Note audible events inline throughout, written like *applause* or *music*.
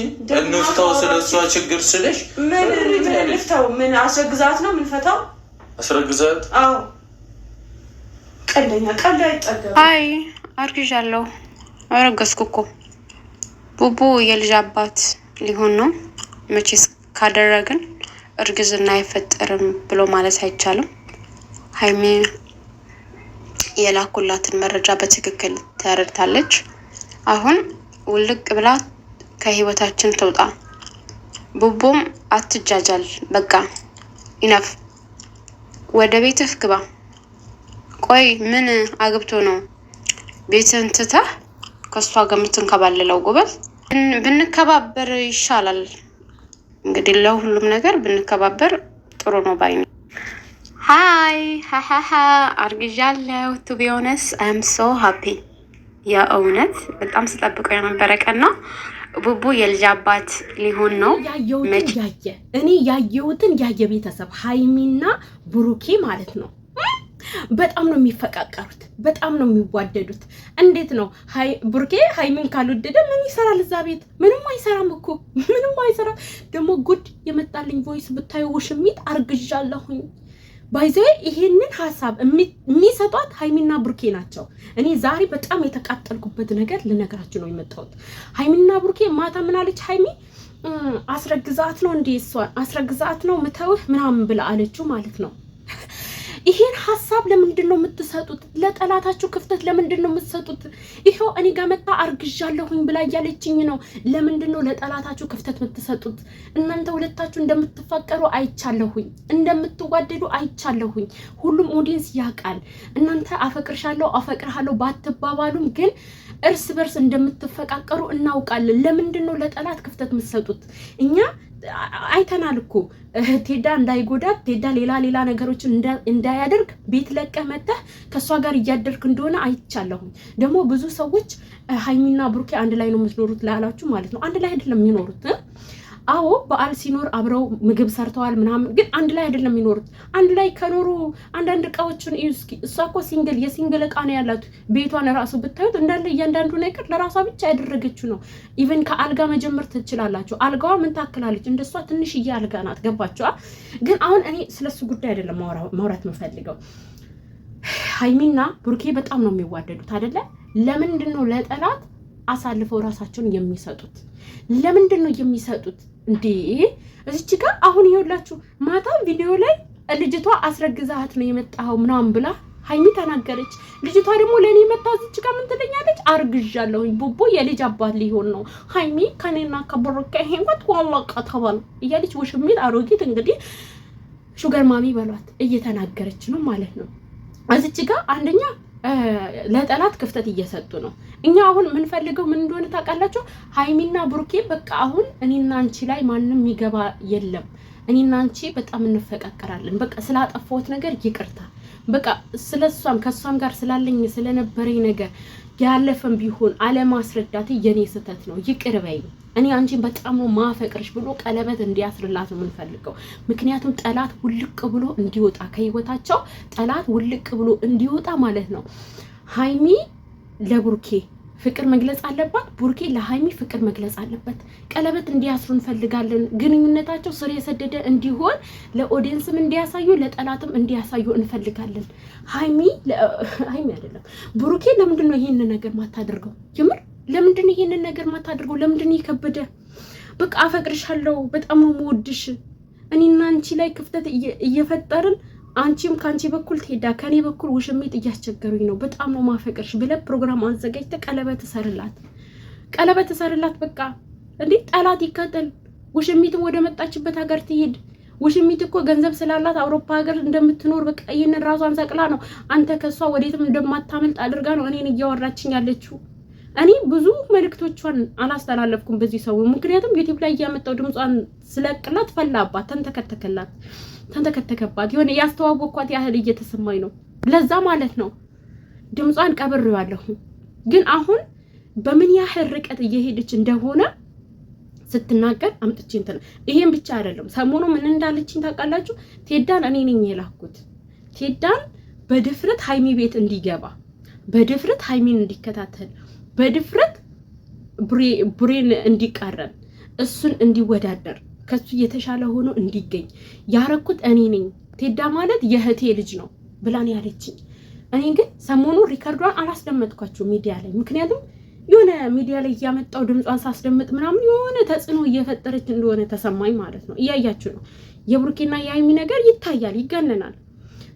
እንፍታው ስለ እሷ ችግር ስለሽ ምን ምን እንፍታው? ምን አስረግዛት ነው የምንፈታው? አስረግዛት። አዎ ቀለኛ ቀለ አይጠገም። አይ አርግዣለሁ፣ አረገዝኩ እኮ ቡቡ የልጅ አባት ሊሆን ነው። መቼስ ካደረግን እርግዝና አይፈጠርም ብሎ ማለት አይቻልም። ሀይሜ የላኩላትን መረጃ በትክክል ተረድታለች። አሁን ውልቅ ብላ ከህይወታችን ትውጣ። ቡቡም አትጃጃል፣ በቃ ኢነፍ፣ ወደ ቤትህ ግባ። ቆይ ምን አግብቶ ነው ቤትህን ትተህ ከእሷ ጋር የምትንከባለለው? ጎበዝ፣ ብንከባበር ይሻላል። እንግዲህ ለሁሉም ነገር ብንከባበር ጥሩ ነው ባይ ነው። ሀይ ሀሀሀ አርግዣለሁ። ቱ ቢሆነስ አም ሶ ሀፒ የእውነት በጣም ስጠብቀው የነበረ ቀን ነው። ቡቡ የልጅ አባት ሊሆን ነው። ያየሁትን ያየ እኔ ያየሁትን ያየ ቤተሰብ ሀይሚና ብሩኬ ማለት ነው። በጣም ነው የሚፈቃቀሩት፣ በጣም ነው የሚዋደዱት። እንዴት ነው ብሩኬ ሀይሚን ካልወደደ ምን ይሰራል እዛ ቤት? ምንም አይሰራም እኮ ምንም አይሰራም። ደግሞ ጉድ የመጣልኝ ቮይስ ብታዩ ውሽሚት አርግዣለሁኝ ባይዘው ይሄንን ሀሳብ የሚሰጧት ሀይሚና ብሩኬ ናቸው። እኔ ዛሬ በጣም የተቃጠልኩበት ነገር ልነግራችሁ ነው የመጣሁት። ሀይሚና ብሩኬ ማታ ምናለች ሀይሚ አስረግዛት ነው እንዴ? እሷን አስረግዛት ነው ምተውህ ምናምን ብላ አለችው ማለት ነው። ይሄን ሀሳብ ለምንድን ነው የምትሰጡት? ለጠላታችሁ ክፍተት ለምንድን ነው የምትሰጡት? ይሄው እኔ ጋር መጣ አርግዣለሁኝ ብላ እያለችኝ ነው። ለምንድን ነው ለጠላታችሁ ክፍተት የምትሰጡት? እናንተ ሁለታችሁ እንደምትፈቀሩ አይቻለሁኝ፣ እንደምትዋደዱ አይቻለሁኝ። ሁሉም ኦዲንስ ያውቃል። እናንተ አፈቅርሻለሁ፣ አፈቅርሃለሁ ባትባባሉም ግን እርስ በርስ እንደምትፈቃቀሩ እናውቃለን። ለምንድን ነው ለጠላት ክፍተት የምትሰጡት? እኛ አይተናል እኮ ቴዳ እንዳይጎዳት ቴዳ ሌላ ሌላ ነገሮችን እንዳያደርግ ቤት ለቀህ መተህ ከእሷ ጋር እያደርግ እንደሆነ አይቻለሁም። ደግሞ ብዙ ሰዎች ሀይሚና ብሩኬ አንድ ላይ ነው የምትኖሩት ላላችሁ ማለት ነው። አንድ ላይ አይደለም የሚኖሩት አዎ በዓል ሲኖር አብረው ምግብ ሰርተዋል ምናምን፣ ግን አንድ ላይ አይደለም የሚኖሩት። አንድ ላይ ከኖሩ አንዳንድ እቃዎችን እዩ እስኪ። እሷ እኮ ሲንግል የሲንግል እቃ ነው ያላት። ቤቷን ራሱ ብታዩት እንዳለ እያንዳንዱ ነገር ለራሷ ብቻ ያደረገችው ነው። ኢቨን ከአልጋ መጀመር ትችላላችሁ። አልጋዋ ምን ታክላለች? እንደሷ ትንሽዬ አልጋ ናት። ገባችኋ? ግን አሁን እኔ ስለሱ ጉዳይ አይደለም ማውራት የምፈልገው። ሀይሚና ብሩኬ በጣም ነው የሚዋደዱት አይደለ? ለምንድን ነው ለጠላት አሳልፈው ራሳቸውን የሚሰጡት? ለምንድን ነው የሚሰጡት? እንዴ እዚች ጋር አሁን ይኸውላችሁ ማታ ቪዲዮ ላይ ልጅቷ አስረግዛሃት ነው የመጣኸው ምናምን ብላ ሀይሚ ተናገረች። ልጅቷ ደግሞ ለእኔ መታ እዚች ጋር ምን ትለኛለች? አርግዣለሁኝ ቦቦ የልጅ አባት ሊሆን ነው ሀይሚ ከኔና ከቦሮካ ይሄንኳት ዋላቃ ተባል እያለች ውሽሚል አሮጊት እንግዲህ ሹገር ማሚ በሏት እየተናገረች ነው ማለት ነው እዚች ጋር አንደኛ ለጠላት ክፍተት እየሰጡ ነው። እኛ አሁን የምንፈልገው ምን እንደሆነ ታውቃላችሁ? ሀይሚና ብሩኬ በቃ አሁን እኔና አንቺ ላይ ማንም የሚገባ የለም እኔና አንቺ በጣም እንፈቃቀራለን። በቃ ስላጠፋሁት ነገር ይቅርታ፣ በቃ ስለ ስለሷም ከሷም ጋር ስላለኝ ስለነበረኝ ነገር ያለፈም ቢሆን አለማስረዳቴ የኔ ስህተት ነው፣ ይቅር በይ። እኔ አንቺን በጣም ነው ማፈቅርሽ ብሎ ቀለበት እንዲያስርላት ነው የምንፈልገው። ምክንያቱም ጠላት ውልቅ ብሎ እንዲወጣ ከህይወታቸው ጠላት ውልቅ ብሎ እንዲወጣ ማለት ነው። ሀይሚ ለቡርኬ ፍቅር መግለጽ አለባት። ቡርኬ ለሀይሚ ፍቅር መግለጽ አለበት። ቀለበት እንዲያስሩ እንፈልጋለን። ግንኙነታቸው ስር የሰደደ እንዲሆን ለኦዲየንስም እንዲያሳዩ ለጠላትም እንዲያሳዩ እንፈልጋለን። ሀይሚ *laughs* ሀይሚ አይደለም ቡርኬ፣ ለምንድን ነው ይህንን ነገር ማታደርገው? የምር ለምንድን ነው ይህንን ነገር ማታደርገው? ለምንድን ነው የከበደ? በቃ አፈቅርሻለሁ፣ በጣም ነው የምወድሽ እኔና አንቺ ላይ ክፍተት እየፈጠርን አንቺም ከአንቺ በኩል ትሄዳ ከኔ በኩል ውሽሚት እያስቸገሩኝ ነው፣ በጣም ነው ማፈቅርሽ ብለ ፕሮግራም አዘጋጅተ ቀለበት እሰርላት ቀለበት እሰርላት። በቃ እንዴ ጠላት ይካጠል ውሽሚትም ወደ መጣችበት ሀገር ትሄድ። ውሽሚት እኮ ገንዘብ ስላላት አውሮፓ ሀገር እንደምትኖር በቃ ይህንን ራሷን ሰቅላ ነው አንተ ከእሷ ወዴትም እንደማታመልጥ አድርጋ ነው እኔን እያወራችኝ ያለችው። እኔ ብዙ መልእክቶቿን አላስተላለፍኩም በዚህ ሰው ምክንያቱም ዩቲብ ላይ እያመጣው ድምጿን ስለቅላት ፈላባት፣ ተንተከተከላት ተንተከተከባት። የሆነ ያስተዋወቅኳት ያህል እየተሰማኝ ነው። ለዛ ማለት ነው ድምጿን ቀብሬዋለሁ። ግን አሁን በምን ያህል ርቀት እየሄደች እንደሆነ ስትናገር አምጥቼ እንትን ይሄን ብቻ አይደለም። ሰሞኑ ምን እንዳለችኝ ታውቃላችሁ? ቴዳን እኔ ነኝ የላኩት ቴዳን በድፍረት ሀይሚ ቤት እንዲገባ በድፍረት ሀይሚን እንዲከታተል በድፍረት ቡሬን እንዲቃረን እሱን እንዲወዳደር ከሱ የተሻለ ሆኖ እንዲገኝ ያረኩት እኔ ነኝ። ቴዳ ማለት የእህቴ ልጅ ነው ብላን ያለችኝ። እኔ ግን ሰሞኑን ሪከርዷን አላስደመጥኳቸው ሚዲያ ላይ ምክንያቱም የሆነ ሚዲያ ላይ እያመጣው ድምጿን ሳስደምጥ ምናምን የሆነ ተጽዕኖ እየፈጠረች እንደሆነ ተሰማኝ ማለት ነው። እያያችሁ ነው። የብሩኬና የሀይሚ ነገር ይታያል፣ ይጋነናል።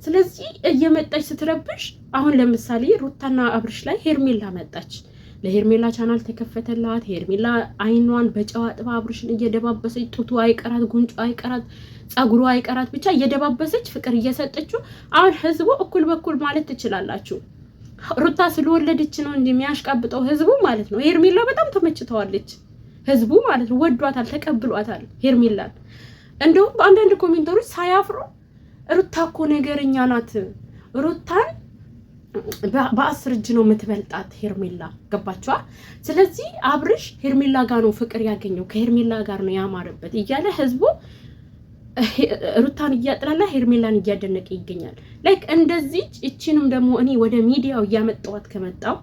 ስለዚህ እየመጣች ስትረብሽ፣ አሁን ለምሳሌ ሩታና አብርሽ ላይ ሄርሜላ መጣች። ለሄርሜላ ቻናል ተከፈተላት። ሄርሜላ አይኗን በጨዋ ጥባ አብርሽን እየደባበሰች ጡቱ አይቀራት፣ ጉንጮ አይቀራት፣ ጸጉሩ አይቀራት፣ ብቻ እየደባበሰች ፍቅር እየሰጠችው። አሁን ህዝቡ እኩል በኩል ማለት ትችላላችሁ። ሩታ ስለወለደች ነው እንጂ የሚያሽቃብጠው ህዝቡ ማለት ነው። ሄርሜላ በጣም ተመችተዋለች፣ ህዝቡ ማለት ነው። ወዷታል፣ ተቀብሏታል ሄርሜላን። እንደውም በአንዳንድ ኮሜንተሮች ሳያፍሩ ሩታ እኮ ነገረኛ ናት ሩታን በአስር እጅ ነው የምትበልጣት ሄርሜላ ገባችዋ። ስለዚህ አብርሽ ሄርሜላ ጋር ነው ፍቅር ያገኘው ከሄርሜላ ጋር ነው ያማረበት እያለ ህዝቡ ሩታን እያጥላላ ሄርሜላን እያደነቀ ይገኛል። ላይክ እንደዚህ እችንም ደግሞ እኔ ወደ ሚዲያው እያመጣዋት ከመጣው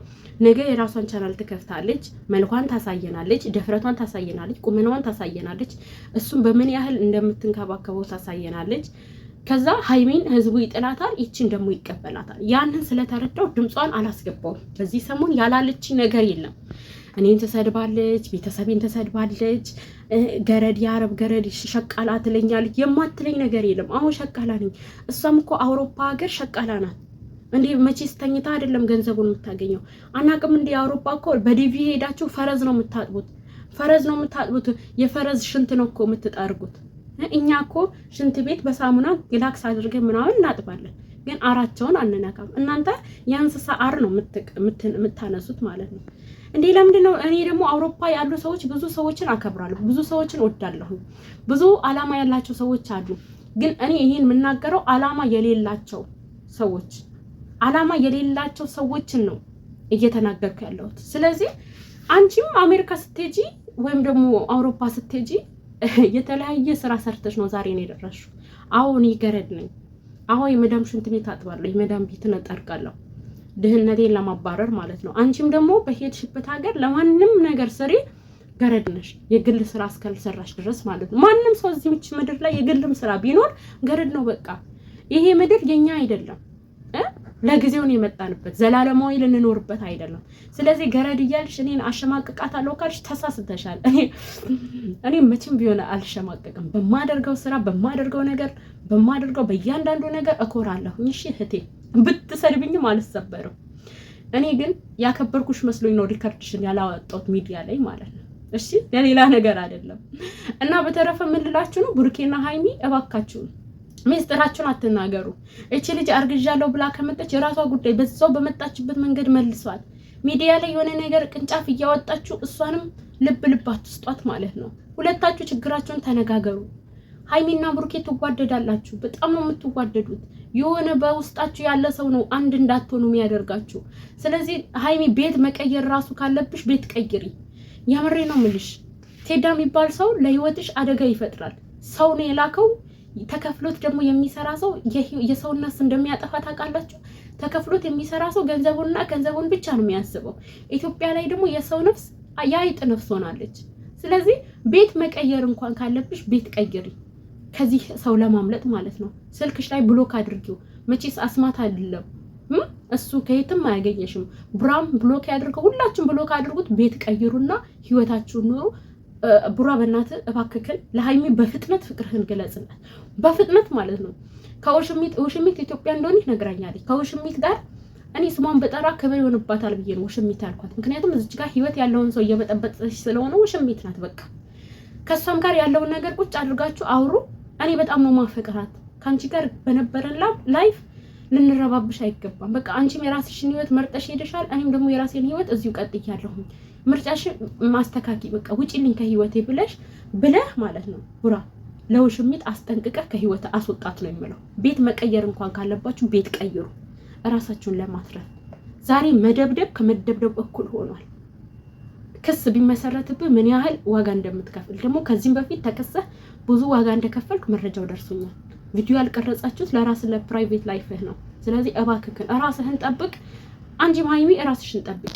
ነገ የራሷን ቻናል ትከፍታለች፣ መልኳን ታሳየናለች፣ ደፍረቷን ታሳየናለች፣ ቁመናዋን ታሳየናለች፣ እሱም በምን ያህል እንደምትንከባከበው ታሳየናለች። ከዛ ሀይሜን ህዝቡ ይጥላታል፣ ይችን ደግሞ ይቀበላታል። ያንን ስለተረዳው ድምጿን አላስገባውም። በዚህ ሰሞን ያላለች ነገር የለም። እኔን ተሰድባለች፣ ቤተሰቤን ተሰድባለች፣ ገረድ የአረብ ገረድ ሸቃላ ትለኛለች። የማትለኝ ነገር የለም። አሁን ሸቃላ ነኝ። እሷም እኮ አውሮፓ ሀገር ሸቃላ ናት። እንዴ መቼ ስተኝታ አይደለም ገንዘቡን የምታገኘው። አናቅም እንዴ አውሮፓ እኮ በዲቪ ሄዳችሁ ፈረዝ ነው የምታጥቡት። ፈረዝ ነው የምታጥቡት። የፈረዝ ሽንት ነው እኮ የምትጠርጉት። እኛ እኮ ሽንት ቤት በሳሙና ግላክስ አድርገን ምናምን እናጥባለን፣ ግን አራቸውን አንነካም። እናንተ የእንስሳ አር ነው የምታነሱት ማለት ነው እንዴ! ለምንድን ነው? እኔ ደግሞ አውሮፓ ያሉ ሰዎች ብዙ ሰዎችን አከብራለሁ፣ ብዙ ሰዎችን ወዳለሁ። ብዙ አላማ ያላቸው ሰዎች አሉ። ግን እኔ ይህን የምናገረው አላማ የሌላቸው ሰዎች አላማ የሌላቸው ሰዎችን ነው እየተናገርኩ ያለሁት። ስለዚህ አንቺም አሜሪካ ስትሄጂ ወይም ደግሞ አውሮፓ ስትሄጂ የተለያየ ስራ ሰርተሽ ነው ዛሬ ነው የደረስሽው። አሁን ይገረድ ነኝ። አሁን የመዳም ሽንት ቤት አጥባለሁ፣ የመዳም ቤት እነጠርቃለሁ፣ ድህነቴን ለማባረር ማለት ነው። አንቺም ደግሞ በሄድሽበት ሀገር ለማንም ነገር ስሪ ገረድ ነሽ፣ የግል ስራ እስካልሰራሽ ድረስ ማለት ነው። ማንም ሰው እዚህች ምድር ላይ የግልም ስራ ቢኖር ገረድ ነው በቃ። ይሄ ምድር የኛ አይደለም። ለጊዜውን የመጣንበት ዘላለማዊ ልንኖርበት አይደለም። ስለዚህ ገረድ እያልሽ እኔን አሸማቅቃታለሁ ካልሽ ተሳስተሻል። እኔ መቼም ቢሆን አልሸማቅቅም። በማደርገው ስራ፣ በማደርገው ነገር፣ በማደርገው በእያንዳንዱ ነገር እኮራለሁኝ። እሺ እህቴ ብትሰድብኝም አልሰበርም። እኔ ግን ያከበርኩሽ መስሎኝ ነው ሪከርድሽን ያላወጣሁት ሚዲያ ላይ ማለት ነው። እሺ ለሌላ ነገር አይደለም። እና በተረፈ ምን ነው ቡርኬና ሀይሚ እባካችሁ ሚስጥራችሁን አትናገሩ። እቺ ልጅ አርግዣለሁ ብላ ከመጣች የራሷ ጉዳይ፣ በዛው በመጣችበት መንገድ መልሷል። ሚዲያ ላይ የሆነ ነገር ቅንጫፍ እያወጣችሁ እሷንም ልብ ልብ አትስጧት ማለት ነው። ሁለታችሁ ችግራችሁን ተነጋገሩ። ሀይሚና ብሩኬ ትዋደዳላችሁ። በጣም ነው የምትዋደዱት። የሆነ በውስጣችሁ ያለ ሰው ነው አንድ እንዳትሆኑ የሚያደርጋችሁ። ስለዚህ ሀይሚ ቤት መቀየር ራሱ ካለብሽ ቤት ቀይሪ። የምሬ ነው ምልሽ። ቴዳ የሚባል ሰው ለህይወትሽ አደጋ ይፈጥራል። ሰው ነው የላከው ተከፍሎት ደግሞ የሚሰራ ሰው የሰውን ነፍስ እንደሚያጠፋ ታውቃላችሁ። ተከፍሎት የሚሰራ ሰው ገንዘቡንና ገንዘቡን ብቻ ነው የሚያስበው። ኢትዮጵያ ላይ ደግሞ የሰው ነፍስ የአይጥ ነፍስ ሆናለች። ስለዚህ ቤት መቀየር እንኳን ካለብሽ ቤት ቀይሪ፣ ከዚህ ሰው ለማምለጥ ማለት ነው። ስልክሽ ላይ ብሎክ አድርጊው። መቼስ አስማት አይደለም እሱ ከየትም አያገኘሽም። ብራም ብሎክ ያድርገው፣ ሁላችሁም ብሎክ አድርጉት። ቤት ቀይሩና ህይወታችሁን ኑሩ። ቡራ በእናት እባክክን ለሀይሚ በፍጥነት ፍቅርህን ግለጽላት፣ በፍጥነት ማለት ነው። ከውሽሚት ውሽሚት ኢትዮጵያ እንደሆነ ነግራኛለች። ከውሽሚት ጋር እኔ ስሟን በጠራ ክብር ይሆንባታል ብዬ ነው ውሽሚት ያልኳት። ምክንያቱም እዚህ ጋር ህይወት ያለውን ሰው እየበጠበጠች ስለሆነ ውሽሚት ናት። በቃ ከእሷም ጋር ያለውን ነገር ቁጭ አድርጋችሁ አውሩ። እኔ በጣም ነው ማፈቅራት። ከአንቺ ጋር በነበረን ላይፍ ልንረባብሽ አይገባም። በቃ አንቺም የራስሽን ህይወት መርጠሽ ሄደሻል። እኔም ደግሞ የራሴን ህይወት እዚሁ ቀጥያለሁኝ። ምርጫሽን ማስተካኪ በቃ ውጪልኝ ከህይወቴ ብለሽ ብለህ ማለት ነው ቡራ ለውሽሚት አስጠንቅቀህ ከህይወት አስወጣት ነው የሚለው። ቤት መቀየር እንኳን ካለባችሁ ቤት ቀይሩ፣ እራሳችሁን ለማትረፍ ዛሬ መደብደብ ከመደብደብ እኩል ሆኗል። ክስ ቢመሰረትብህ ምን ያህል ዋጋ እንደምትከፍል ደግሞ ከዚህም በፊት ተከሰህ ብዙ ዋጋ እንደከፈልክ መረጃው ደርሶኛል። ቪዲዮ ያልቀረጻችሁት ለራስ ለፕራይቬት ላይፍህ ነው። ስለዚህ እባክህን እራስህን ጠብቅ። አንቺም ሀይሚ እራስሽን ጠብቅ።